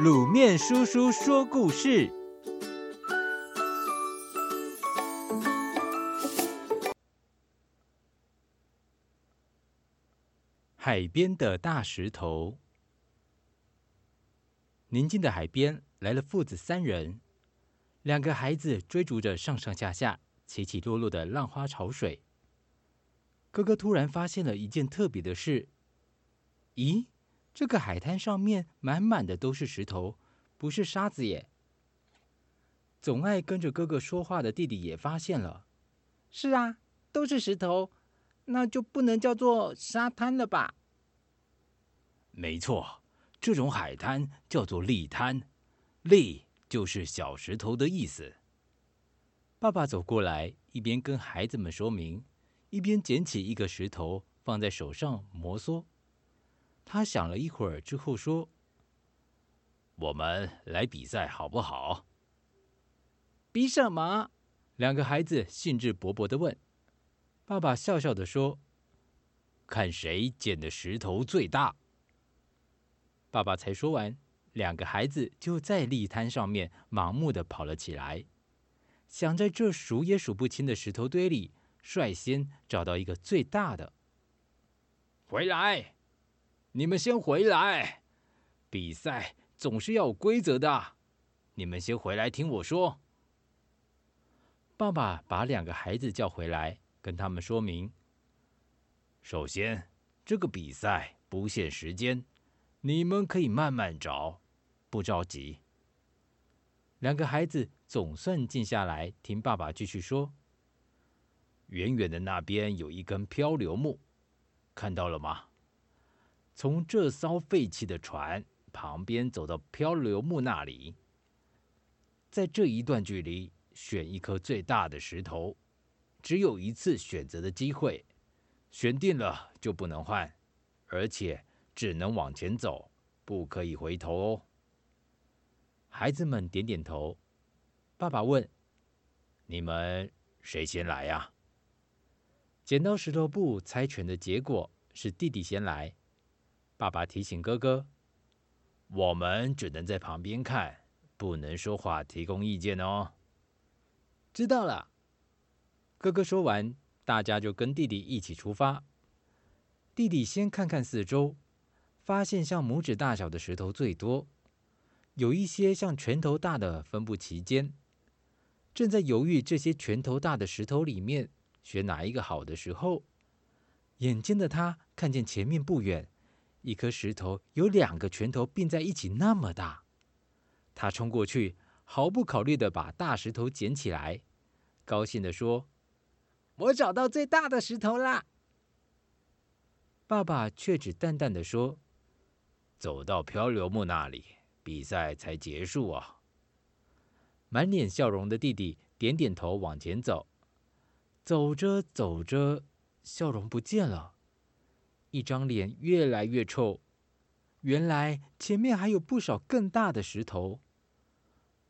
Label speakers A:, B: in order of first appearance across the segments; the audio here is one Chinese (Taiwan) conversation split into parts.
A: 滷麵叔叔說故事：海邊的大石頭。寧靜的海邊來了父子三人，兩個孩子追逐着上上下下、起起落落的浪花潮水。哥哥突然發現了一件特別的事，咦？這個海灘上面滿滿的都是石頭，不是沙子耶。總愛跟着哥哥說話的弟弟也發現了，是啊，都是石頭，那就不能叫做沙灘了吧？沒錯，這種海灘叫做礫灘，“礫”就是小石頭的意思。爸爸走過來，一邊跟孩子們說明，一邊撿起一個石頭放在手上摩挲。他想了一會兒之後說：“我們來比賽好不好？”“比什麼？”兩個孩子興致勃勃的問。爸爸笑笑的說：“看誰撿的石頭最大。”爸爸才說完，兩個孩子就在礫灘上面盲目的跑了起來，想在這數也數不清的石頭堆裡率先找到一個最大的。回來。你們先回來，比賽總是要有規則的。你們先回來聽我說。爸爸把兩個孩子叫回來，跟他們說明：首先，這個比賽不限時間，你們可以慢慢找，不着急。兩個孩子總算靜下來，聽爸爸繼續說：遠遠的那邊有一根漂流木，看到了嗎？從這艘廢棄的船旁邊走到漂流木那裡，在這一段距離，選一顆最大的石頭，只有一次選擇的機會，選定了就不能換，而且只能往前走，不可以回頭哦。孩子們點點頭，爸爸問：“你們誰先來呀？”剪刀石頭布猜拳的結果是弟弟先來。爸爸提醒哥哥：“我們只能在旁邊看，不能說話，提供意見哦。”知道了。哥哥說完，大家就跟弟弟一起出發。弟弟先看看四周，發現像拇指大小的石頭最多，有一些像拳頭大的分布其間。正在猶豫這些拳頭大的石頭裡面選哪一個好的時候，眼尖的他看見前面不遠。一顆石頭有兩個拳頭並在一起那麼大，他衝過去，毫不考慮的把大石頭撿起來，高興的說：“我找到最大的石頭啦！”爸爸卻只淡淡的說：“走到漂流木那裡，比賽才結束啊。”滿臉笑容的弟弟點點頭往前走，走着走着，笑容不見了。一張臉越來越臭，原來前面還有不少更大的石頭。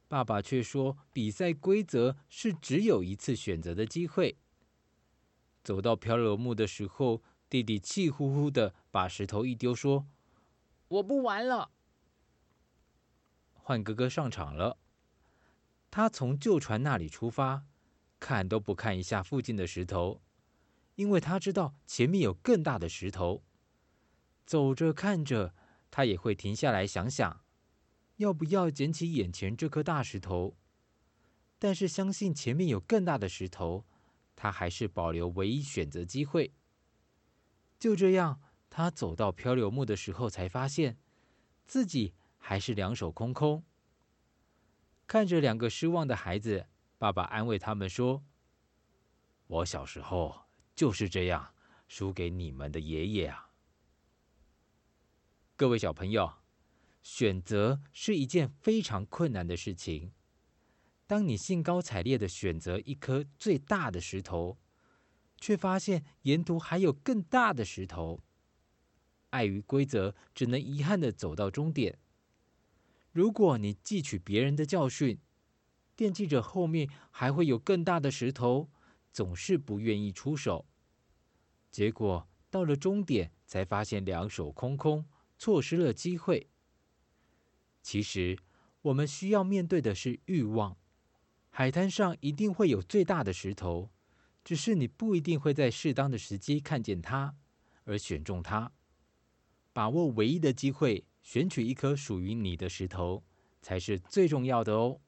A: 爸爸卻說，比賽規則是只有一次選擇的機會。走到漂流木的時候，弟弟氣呼呼的把石頭一丟，說：“我不玩了。”換哥哥上場了，他從舊船那裡出發，看都不看一下附近的石頭。因為他知道前面有更大的石頭，走着看着，他也會停下來想想，要不要撿起眼前這顆大石頭。但是相信前面有更大的石頭，他還是保留唯一選擇機會。就這樣，他走到漂流木的時候，才發現自己還是兩手空空。看着兩個失望的孩子，爸爸安慰他們說：“我小時候……”就是這樣輸給你們的爺爺啊！各位小朋友，選擇是一件非常困難的事情。當你興高采烈地選擇一顆最大的石頭，卻發現沿途還有更大的石頭，礙於規則，只能遺憾地走到終點。如果你汲取別人的教訓，惦記着後面還會有更大的石頭。總是不願意出手，結果到了終點才發現兩手空空，錯失了機會。其實，我們需要面對的是欲望。海灘上一定會有最大的石頭，只是你不一定會在適當的時機看見它，而選中它。把握唯一的機會，選取一顆屬於你的石頭，才是最重要的哦。